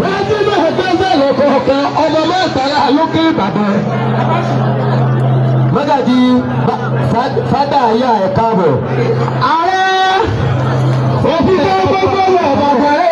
wájú náà gbẹ́sẹ̀ lọ́kọ̀ọ̀kan ọmọ mẹ́tàlá lókè Ìbàdàn. Mọ́gàjí fádà ayá ẹ̀ káàbọ̀. Ààrẹ òfin tó gbogbo ọ̀bàbọ̀ rẹ̀.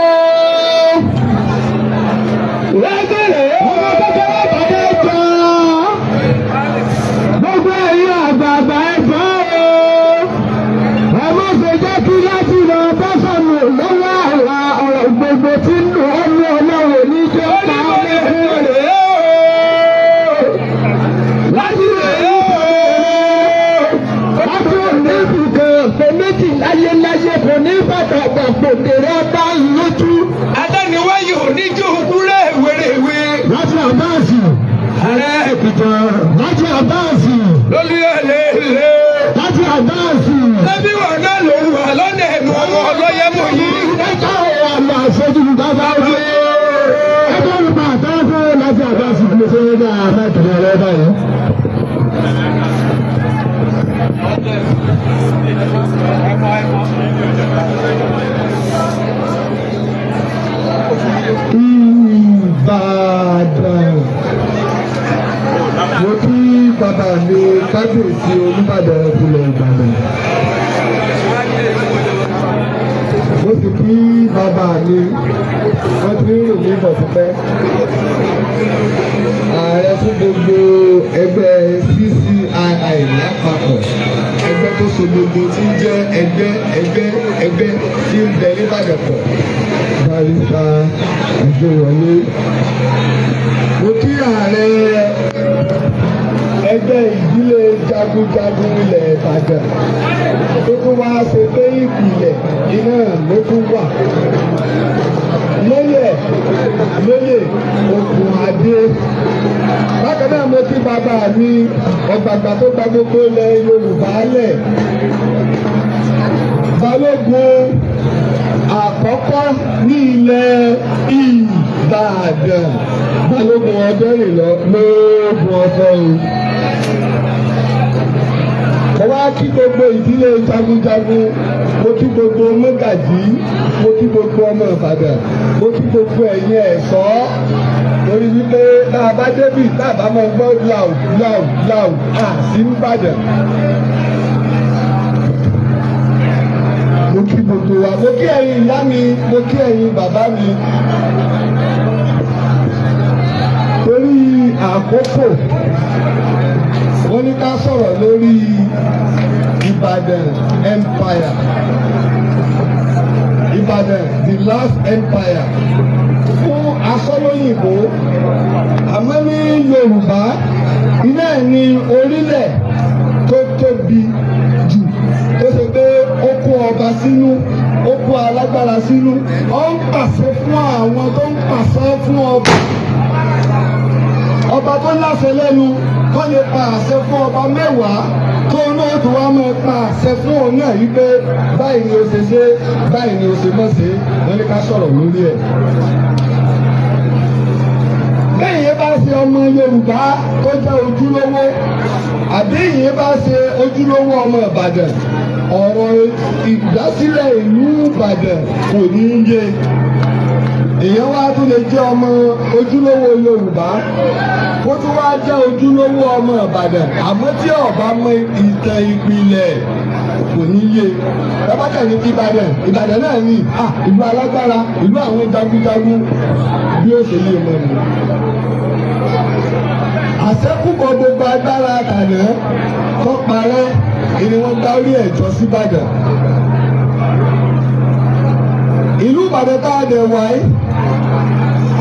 ẹ báyẹn. Ìbàdàn mo kí bàbá mi kábíyèsí Olúbàdàn ìpínlẹ̀ Ìbàdàn. bàbá mi wọ́n ti ń rìn ní ìbọ̀dúpẹ́ ààrẹ fún gbogbo ẹgbẹ́ CCII lápapọ̀ ẹgbẹ́ tó so gbogbo tí ń jẹ́ ẹgbẹ́ ẹgbẹ́ ẹgbẹ́ tí ń bẹ nìbàdàn pọ̀ barista Àjọwọlé mo kí ààrẹ ẹgbẹ́ ìdílé jagunjagun ilẹ̀ Ìbàdàn tó tún wá ṣe pé ìpìlẹ̀ iná ló tún wà lóyè lóyè okùn adé bákan náà mo kí bàbá mi ọ̀gbàgbà tó gba gbogbo ilẹ̀ Yorùbá lẹ̀ balógun àkọ́kọ́ ní ilẹ̀ Ìbàdàn balógun ọdẹ́rìn lọ lóògùn ọ̀sán o mo wá kí gbogbo ìdílé jagunjagun mo kí gbogbo mọ́gàjí mo kí gbogbo ọmọ Ìbàdàn mo kí gbogbo ẹ̀yin ẹ̀ṣọ́ torí wípé tá a bá débì tá a bá máa gbọ́ loud loud loud à sí mo kí gbogbo wa mo kí ẹ̀yin ìyá mi mo kí ẹ̀yin bàbá mi torí àkókò mo ní ká sọ̀rọ̀ lórí Ìbàdàn empire Ìbàdàn the last empire fún asọ́lóyìnbó àmọ́ ní Yorùbá iná ni orílẹ̀ tó tóbi jù tó ṣe pé ó kó ọba sínú ó kó alágbára sínú ó ń pàṣẹ fún àwọn tó ń pàṣẹ fún ọba ọba tó láṣẹ lẹ́nu kó lè pa àṣẹ fún ọba mẹ́wàá tó náà tó wá máa pa àṣẹ fún òun náà yí pé báyìí ni o ṣe ṣe báyìí ni o ṣe mọ̀ ṣe wọ́n ní ká sọ̀rọ̀ lórí ẹ̀. bẹ́ẹ̀ yẹn bá ṣe ọmọ Yorùbá tó jẹ́ ojúlówó àbí yẹn bá ṣe ojúlówó ọmọ Ìbàdàn ọ̀rọ̀ ìdásílẹ̀ ìlú Ìbàdàn kò ní í yé èèyàn wá tún lè jẹ́ ọmọ ojúlówó Yorùbá kó tún wá jẹ́ ojúlówó ọmọ Ìbàdàn àmọ́ tí ọba mọ ìtàn ìpìlẹ̀ kò ní yé lọ́bàtà ní Ìbàdàn Ìbàdàn náà ní ìlú alágbára ìlú àwọn jagunjagun bí ó ṣe yé mọ́ ni àṣẹ́kùkọ gbogbo agbára àtàná tó parẹ́ ni wọ́n dá orí ẹ̀jọ́ síbàdàn ìlú Ìbàdàn tá a dẹ̀ wáyé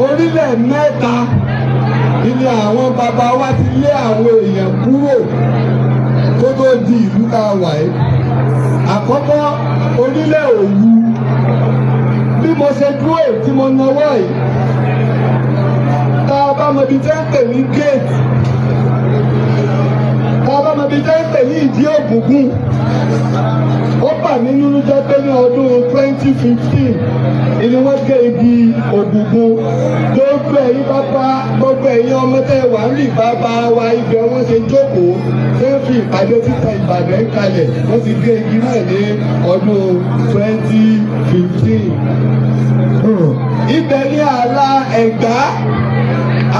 orílẹ̀ mẹ́ta ilé àwọn bàbá wa ti lé àwọn èèyàn kúrò kó tó di ìlú tá a wà yìí àkọ́kọ́ onílẹ̀ òwú bí mo ṣe dúró tí mo náwó yìí tá a bá mọ ibi tẹ́ ń pè ní géètì ibi tẹ́ ń pè ní ìdí ògùngùn ó bà mí nínú jẹ́ pé ní ọdún twenty fifteen ni wọ́n gé igi ògùngùn gbogbo ẹ̀yin bàbá gbogbo ẹ̀yin ọmọ tẹ́ wà ń lì bàbá wa ibẹ̀ wọ́n ṣe jókòó tẹ́ fi ìpàdé títa Ìbàdàn kalẹ̀ wọ́n ti gé igi náà ní ọdún twenty fifteen ibẹ̀ ní ààlà Ẹ̀gbá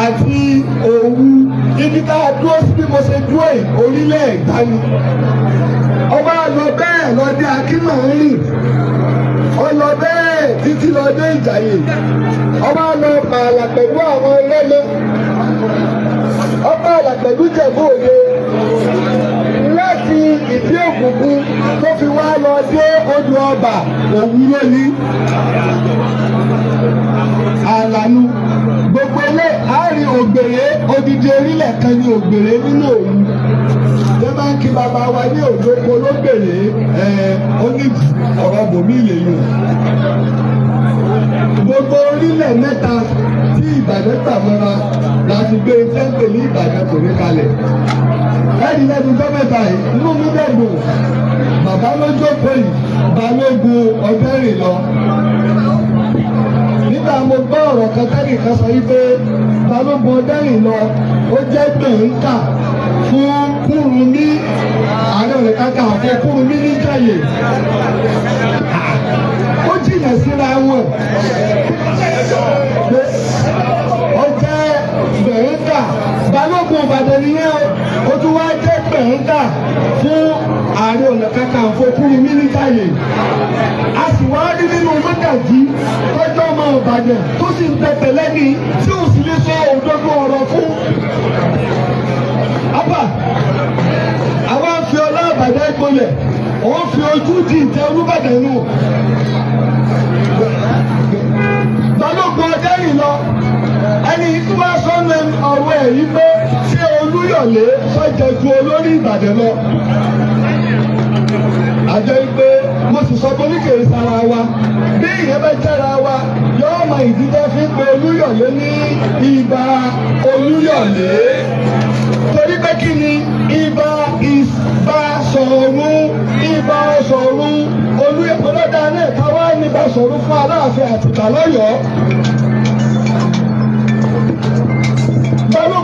àti Òwu ibi tá a dúró sí bí mo ṣe dúró yìí orílẹ̀ ẹ̀gbá ni ọba lọ bẹ́ẹ̀ lọ dé akínmọ̀rin ọlọ bẹ́ẹ̀ títí lọ dé ìjàyè ọba lọ pààlà pẹ̀lú àwọn ẹlẹ́mọ ọba àlà pẹ̀lú jẹ̀bú òde láti ìdí òkùnkùn tó fi wá lọ dé odò ọba òwúrọ̀ ní àlànà. gbogbo ilé àárín ògbèrè odidi orílẹ̀ kan ni ògbèrè nínú òru ló máa ń kí bàbá wa ní òdòkó lógbèrè olive ọ̀rọ̀ bòmí lèyìn gbogbo orílẹ̀ mẹ́ta tí Ìbàdàn tàmọ́ra láti gbé ní Ìbàdàn ní kalẹ̀ lẹ́nu gọ́mẹ̀ta yìí inú mi bàbá yìí balógun lọ. kódà mo gbọ́ ọ̀rọ̀ kan tẹ́lẹ̀ kan sọ wípé ta ló bọ dẹ́yìn lọ ó jẹ́ gbẹ̀ǹkà fún Kúrúnmí ààrẹ rẹ̀ kàkà fún Kúrúnmí níjàyè ó jìnà síra wọn ó jẹ́ gbẹ̀ǹkà balógun Ìbàdàn nìyẹn o ó tún wá jẹ́ gbẹ̀ǹkà fún ààrẹ ọ̀nà kakanfò Kúrunmí Nígbàyè a sì wá rí nínú mọ́gàjí tọ́jọ́ ọmọ Ìbàdàn tó sì ń pẹpẹ lẹ́ni tí ò sì lè sọ òdodo ọ̀rọ̀ fún. apá àwa fi ọlá Ìbàdàn gbolẹ̀ òun fi ojú di ìtẹ́ Olúbàdàn nù balógun ọdẹ́rìn lọ ẹni tí wọ́n sọ ní ọ̀rọ̀ ẹ̀ yí pé. Báyọ̀lé fẹ́jẹ̀ ju olórí Ìbàdàn lọ. àjọ ìgbé mo sì sọ pé oníkèé sara wa bí ìyẹn bá jára wa yóò mọ ìdílé fi ń pe Olúyọ̀lé ní Ìbà Olúyọ̀lé torí pé kí ni Ìbà Ìbà Ṣọ̀ún Ìbà Ṣọ̀ún olú ìpínlẹ̀ dáná ẹ̀ka wá ní Ìbà Ṣọ̀ún fún Aláàfin Àtìkà lọ́yọ̀ọ́.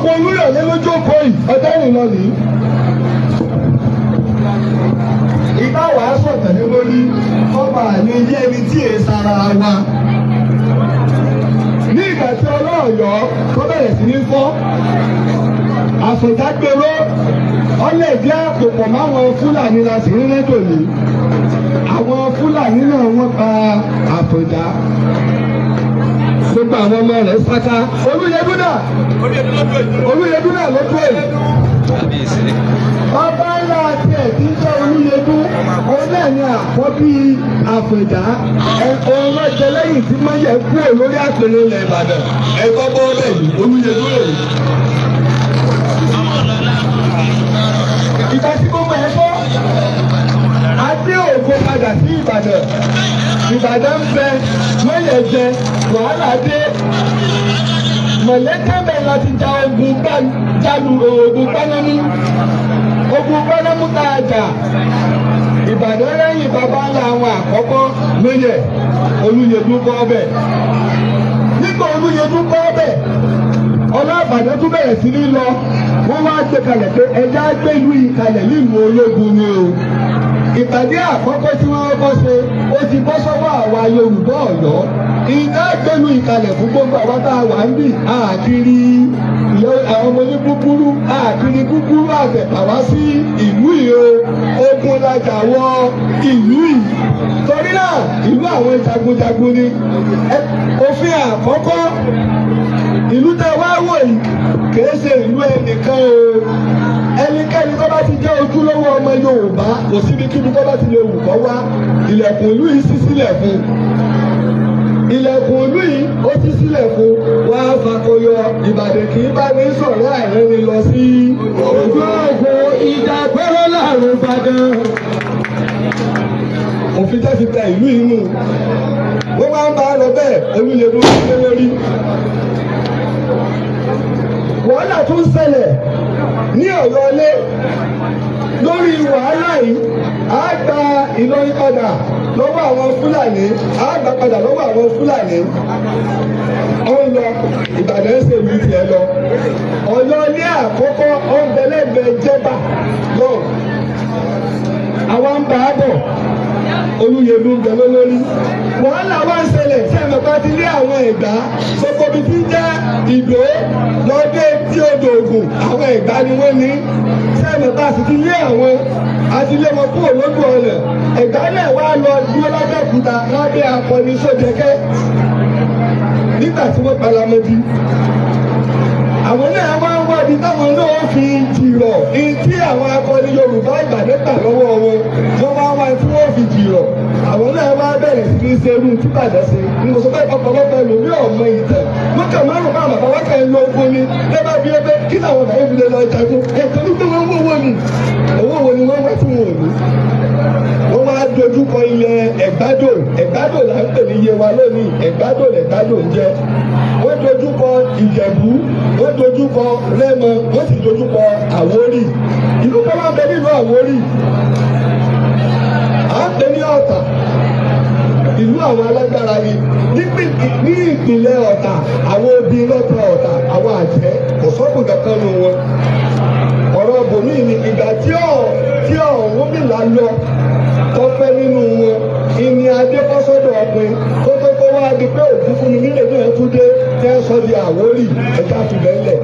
Ọkọ Olúyọ̀lé ló jókòó yìí ọjọ́ ìlọ nìyí. Ìbá wàásù tẹ̀lé lórí ọba àní ilé ẹni tí èé sara wa. Ní ìgbà tí ọlọ́ọ̀yọ́ tó bẹ̀rẹ̀ sí ní fọ́, àfòjágbéró ọlẹ́ẹ̀dí àpòpọ̀ máwọn Fúlàní la sì ń rẹ́dò ní. Àwọn Fúlàní náà wọ́n pa àfòjá gbogbo àwọn ọmọ rẹ̀ sáká olùyẹdúnà olùyẹdúnà ló dúró yìí. ọba ńlá àti ẹ̀dí jẹ́ olùyẹdún òun ni àkọ́bí àfẹ̀dá òun máa tí máa yẹ kúrò lórí àpèrè ilẹ̀ Ìbàdàn ẹ̀kọ́ bọ́ọ̀lẹ̀ yìí olùyẹdún lè ìgbà tí mo mọ̀ ẹ́ bọ́. padà sí Ìbàdàn Ìbàdàn ń wàhálà dé mọ̀lẹ́tẹ̀mẹ̀ lọ ja ogun jálu eh, ogun pánámú ogun pánámú a jà Ìbàdàn lẹ́yìn bàbá ńlá àwọn àkọ́kọ́ lóye Olúyẹ̀dú kọ́ nígbà lọ wọ́n wá gbé kalẹ̀ pé ẹja gbé ìlú yìí ìpàdé àkọ́kọ́ tí wọ́n kọ́ ṣe ó ti bọ́ sọ́wọ́ àwa Yorùbá Ọ̀yọ́ iná gbẹnu ìkàlẹ̀ fún gbogbo àwọn tá a wà ń bì àkiri àwọn ọmọ ní kúkúrú àkiri kúkúrú àtẹ̀pàwá sí ìlú ìhó ogun lajà wọ ìlú yìí torí náà ìlú àwọn jagunjagun ni òfin àkọ́kọ́ ìlú tẹ wá wò yìí kìí ṣe ìlú ẹnìkan o ẹnikẹ́ni tó bá ti jẹ́ ojúlówó ọmọ Yorùbá kò síbi kíbi tó bá ti lè wù kọ́ wá ilẹ̀kùn ìlú yìí ṣí sílẹ̀ fún ilẹ̀kùn ìlú yìí ó ṣí sílẹ̀ fún wá fakọyọ Ìbàdàn kì í bá ní sọ̀rọ̀ àìrẹ́ni lọ sí ojú òògùn ìdàgbẹ́rọ́ láàrún Ìbàdàn òfin tẹ́ fi ta ìlú yìí nù wọ́n máa ń bá a lọ bẹ́ẹ̀ olú lè mú ilé lórí. wàhálà tó ń sẹlẹ̀ ní ọ̀rọ̀ lórí wàhálà yìí á gba Ìlọrin padà lọ́wọ́ àwọn Fúlàní á gbà padà lọ́wọ́ àwọn Fúlàní ó ń lọ Ìbàdàn ṣèlú àkọ́kọ́ olùyẹ̀dù ń jẹ lólórí. wàhálà wá ń ṣẹlẹ̀ tí ẹ̀mọ̀ bá ti rí àwọn ẹ̀gbá gbogbo ibi tí ń jẹ́ ìdó lọ́dẹ tí odò ògùn àwọn ẹ̀gbá ni wọ́n ní tí ẹ̀mọ̀ bá sì ti lé àwọn àti lé wọn kúrò lójú ọ̀lẹ̀ ẹ̀gbá náà wá lọ dúró lábẹ́òkúta lábẹ́ akọni sójẹ́kẹ́ nígbà tí wọ́n palamọ́ di àwọn náà wá ibi táwọn náà fi jìrọ̀ ní tí àwọn akọni Yorùbá ìgbàdégbà lọ́wọ́ wọn wọ́n máa wá tí wọ́n fi jìrọ̀ àwọn náà wá bẹ̀rẹ̀ sí ní ṣerú tí bàjẹ́ sí ní kò sọ pé ọ̀pọ̀lọpọ̀ ọ̀mọ ìtàn wọ́n kà máa rùn bá àmàbà lọ ogun ni lẹ́bàá bí ẹgbẹ́ kí làwọn bàbá ìbílẹ̀ lọ jagun ètò nígbà wọn ni owó wo ni wọ́n wá tí wọn ò wá dojúkọ ilẹ̀ ẹ̀gbádò ẹ̀gbádò là ń pè ní yewa lónìí ẹ̀gbádò lẹ̀gbádò ń jẹ́ wọ́n dojúkọ ìjẹ̀bú wọ́n dojúkọ rẹ́mọ wọ́n sì dojúkọ àwórì ìlú kan máa ń bẹ nílùú àwórì à ń pè ní ọ̀tà ìlú àwọn alágbára ni ní ìpínlẹ̀ ọ̀tà àwọn obìnrin lọ́tọ̀ ọ̀tà àwọn àjẹ́ kò sọ́kùn kankan nù wọn. di pé òkúkú ni nílé ní ẹ̀kúndé tẹ́ sọ di àwórì ẹ̀dá fìlẹ́lẹ̀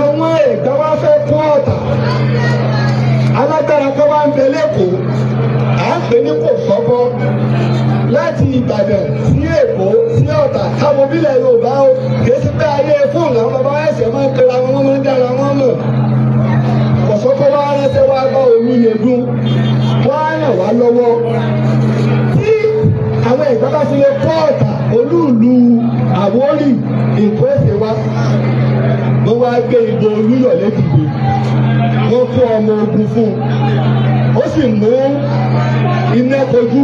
àwọn ẹ̀gbá wa fẹ́ kó ọ̀tà alágbára tó bá ń bẹ lẹ́kọ̀ọ́ à ń pè ní kò sọ́kọ́ láti ìbàdàn sí èkó sí ọ̀tà táwọn bílẹ̀ yorùbá o kì í sí pé ayé fóònù làwọn bàbá ẹ̀sẹ̀ máa ń pera wọn máa ń dára wọn mọ̀ kò sọ́kọ́ rẹ́sẹ̀ wá bá omi yẹn dún wọ́n á ràn wá lọ́wọ́ tí àwọn ẹ̀gbá bá fi lè ìlú Àwórì nǹkan ẹ̀sẹ̀ wa wọ́n wá gbé ìbò Olúyọ̀lé dìde wọ́n kó ọmọ ogun fún un ó sì mú iná kojú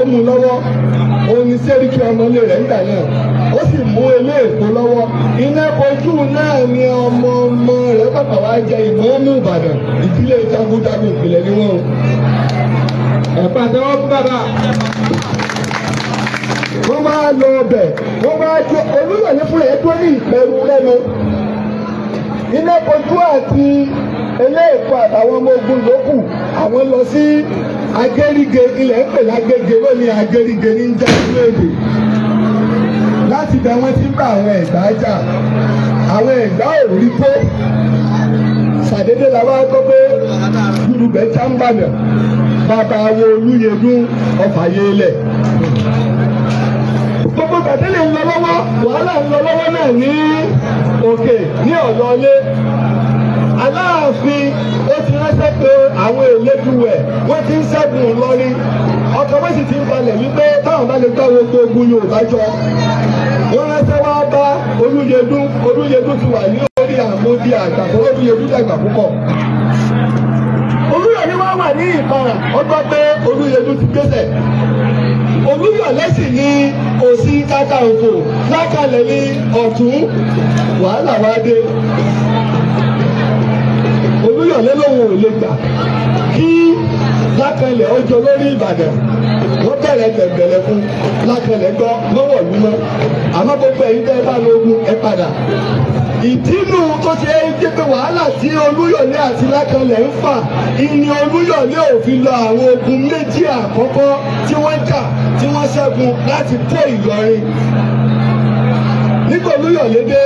ó mú lọ́wọ́ òun ni sẹ́ríkì ọmọlé rẹ̀ nígbà náà ó sì mú ilé èkó lọ́wọ́ iná kojú náà ni ọmọ ọmọ rẹ̀ pàpà wá jẹ ìmọ̀ọ́mù Ìbàdàn ìdílé jagunjagun ìpìlẹ̀ ni wọ́n. ẹ̀pà tẹ́wọ́ fún bàbá. wọ́n máa lọ ọbẹ̀ mo máa jẹ olúyọ̀lé fúnra ẹ̀ tó ní ìpẹ̀rù lẹ́nu kojú àtàwọn ọmọ ogun yòókù àwọn lọ sí ilẹ̀ ń pè lágége lónìí agẹ́ríge ní jáde èdè láti bẹ wọn ti ń bá àwọn ẹ̀gbá jà àwọn ẹ̀gbá ò rí la wá gbọ́ pé ń bàbá wo tẹ́lẹ̀ ń lọ lọ́wọ́ wàhálà ń lọ lọ́wọ́ náà ní òkè ní ọ̀lọ́lé aláàfin ó ti ránṣẹ́ pé àwọn èlédùwẹ̀ wọ́n ti ń ṣẹ́gun Ìlọrin ọkọ̀ wọ́n sì ti ń balẹ̀ wípé táwọn bá lè gbọ́ gbogbo ogun Yorùbá jọ wọ́n ránṣẹ́ wá bá Olúyẹdùn Olúyẹdùn ti wà ní orí àmódi àgbà tó Olúyẹdùn dàgbà púpọ̀ Olúyẹdùn wá wà ní Ìparà ó gbọ́ pé Olúyẹdùn ti gbéṣẹ̀ olúyọ̀lẹ́sì ni òsì kàkà òfò lákàlẹ̀ ní ọ̀tún wàhálà wá dé olúyọ̀lẹ́ lòun ò lè gbà kí lákàlẹ̀ ọjọ́ lórí ìbàdàn wọ́n bẹ̀rẹ̀ bẹ̀rẹ̀ fún lákàlẹ̀ gbọ́ lọ́wọ́ ìlú mọ́ àmọ́ gbogbo ẹ̀yin tẹ́ ẹ bá lóògùn ẹ padà ìdí tó ti ẹ́ jẹ́ pé wàhálà tí olúyọ̀lé àti lákànlẹ̀ ń fà ìní olúyọ̀lé ò fi lọ àwọn ogun méjì àkọ́kọ́ tí wọ́n jà tí wọ́n ṣẹ́gun láti tó ìlọrin nígbà olúyọ̀lé dé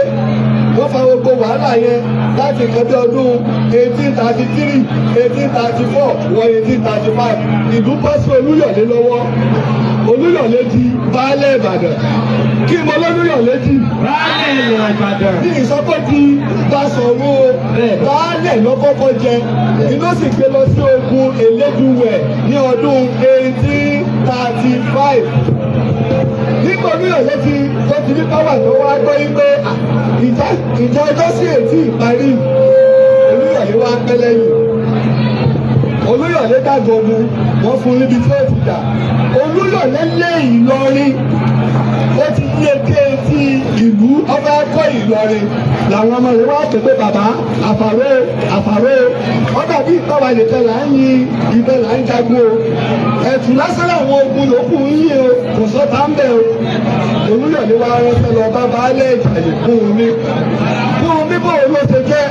wọ́n fa gbogbo wàhálà yẹn láti kẹjọ ọdún eighteen thirty three eighteen thirty four wọ eighteen thirty five ìlú bọ́ sí olúyọ̀lé lọ́wọ́ olúyọ̀lé di baálé ìbàdàn kí n mọ olúyọ̀lé di baálẹ̀ ilẹ̀ ìbàdàn. ní ìsọpọ̀ ti gbàsọ̀wọ́ baálẹ̀ lọ́kọ́kọ́ jẹ iná sì gbé lọ sí ogun elédùwẹ̀ ní ọdún eighteen thirty five nítorí òye ti tó ti ní pọ́wà tó wá gbọ́ yí pé ah, ìjà ẹjọ́ sí ètí ìparí olúyọ̀lé wá pẹ́ lẹ́yìn olúyọ̀lé dàgbọ́ mu wọ́n fún níbi tí ó ti dà olúyọ̀lé lé Ìlọrin ó ti ní etí etí ìlú ọba ẹ̀kọ́ Ìlọrin làwọn ọmọ rẹ̀ wá pépé bàbá àfàwé àfàwé ọba bí ìtọ́wà nìkan là ń yin ibẹ̀ là ń jagun o lásán àwọn ogun yòókù ń yìn o kò sọ tá ń bẹ̀ o Olúyọ̀lé wa ránṣẹ́ lọ bá baálẹ̀ Ìjàyè fún mi fún mi bò ló ṣe jẹ́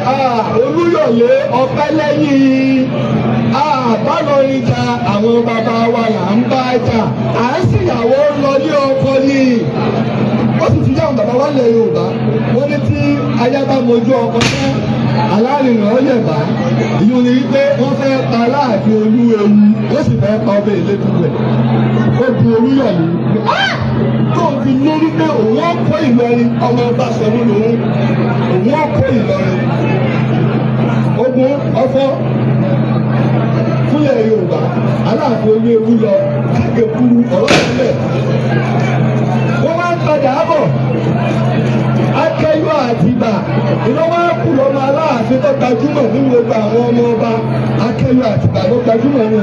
Olúyọ̀lé ọpẹ́ lẹ́yìn. àbálòrin ja àwọn bàbá wa là ń bá jà à ń ṣìyàwó lọlé ọkọ ni ó sì ti dáhùn bàbá wa lẹ Yorùbá ní tí mojú ọkọ tán alárinà wípé wọ́n fẹ́ pa aláàfin olú ewu sì fẹ́ pa ọbẹ̀ ó bu tó fi lórí pé òun ọkọ Ìlọrin ọmọ ọba òun ọkọ Ìlọrin ogun ọfọ nílẹ̀ Yorùbá aláàfin olú ewu lọ èkú ọ̀rọ̀ sílẹ̀ wọ́n máa ń padà bọ̀ akẹ́yọ̀ àtìgbà iná wá kú lọ́mọ aláàfin tó gbajúmọ̀ nínú gbogbo àwọn ọmọ ọba akẹ́yọ̀ àtìgbà ló gbajúmọ̀ nínú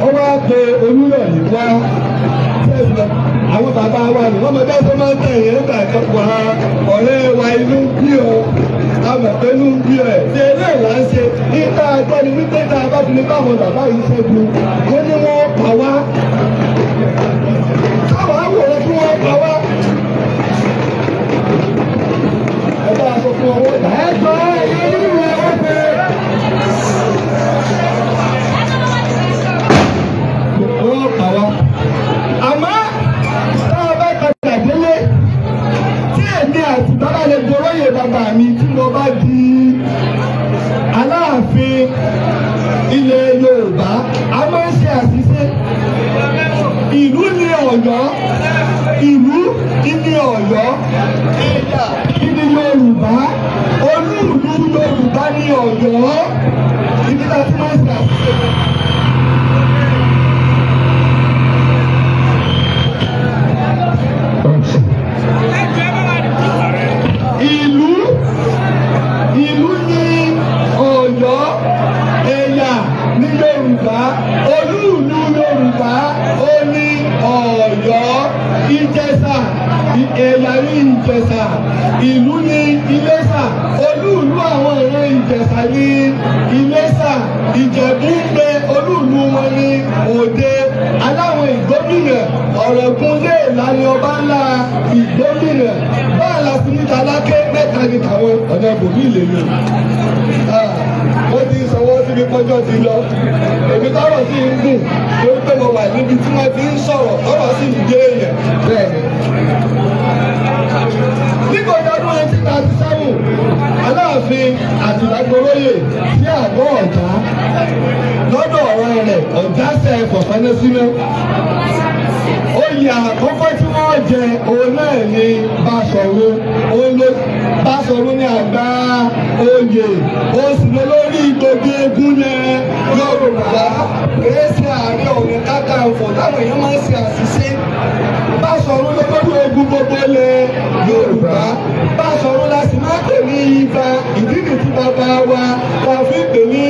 wọn wọ́n wá pe Olúyọ̀lé wá àwọn bàbá wa ni wọ́n mọ bẹ́ẹ̀ tó máa ń tẹ̀yẹ́ nígbà kan ọ̀rẹ́ wa inú bí o amọ̀pẹ́nu ń bí ẹ̀ ṣe eré là ń ṣe ní ká gbọ́ ni wípé tá a bá fi lè bá àwọn bàbá yìí ṣẹ́gun ó ní wọ́n pa wá gómìnà báà la fún níta láké mẹ́ta ní tàwọn ọ̀nà bòmí lèmi ah, ó ti sanwó síbi pọ́jọ́ ti lọ èmi tọrọ sí ń gùn ló pé mo wà níbi tí wọ́n ti ń sọ̀rọ̀ tọrọ sí ń jẹ́ èèyàn bẹ́ẹ̀ ni. nígbà ọdún nineteen ninety seven aláàfin àtìlágbóróyè sí àgọ́ ọ̀tá lọ́dọ̀ ọ̀rọ̀ rẹ̀ ọ̀dá sẹ́ẹ̀ fọ̀fánẹ́síná oyè àkọ́kọ́ tí wọ́n jẹ òun náà ni Báṣọ̀run Báṣọ̀run ni àgbà oyè ó sì lọ lórí gbogbo egun yẹn Yorùbá kìí ṣe Ààrẹ Ọ̀nà Kakanfò táwọn èèyàn máa ń ṣe àṣìṣe Báṣọ̀run ló lórí egun gbogbo ilẹ̀ Yorùbá Báṣọ̀run la sì máa pè ní Ìbà ìdí nìyí tí bàbá wa la fi pè ní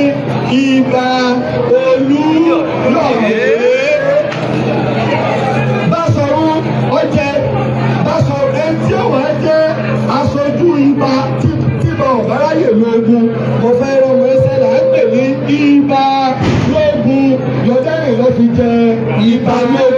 Ìbà Olúyọ̀lé.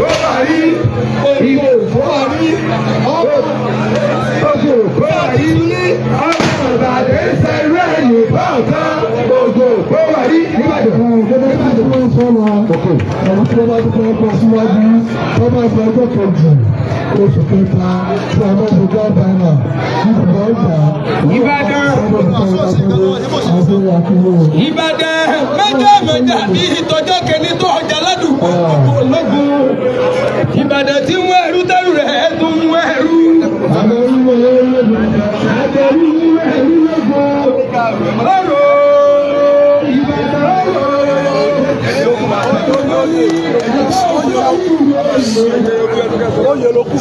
kọ́bàrí ìbò kọ́bàrí ọ̀pọ̀ ògbò kọ́bàrí ọ̀pọ̀ ìbàdàn sẹ́rẹ́ yorùbá ọ̀tán ògbò kọ́bàrí ìbàdàn. gẹ́gẹ́ bí ìjọba ń sọ wa àwọn tí wọ́n bá dúpọ̀ ọkọ̀ síwájú wọ́n bá gba ọjọ́ kejì oṣù kẹta tí a bá ṣe gbá bàánà nígbà ọjà ìbàdàn ìbàdàn méjèèjì àbí ìtọ́jọ́ kẹ́ni tó ọjà láti ológun ìbàdàn tí ń wọ ẹrú tẹrù rẹ tó ń wọ ẹrú. ọ̀rọ̀ ìbàdàn ọ̀rọ̀ ẹ̀yọ́ kùmà.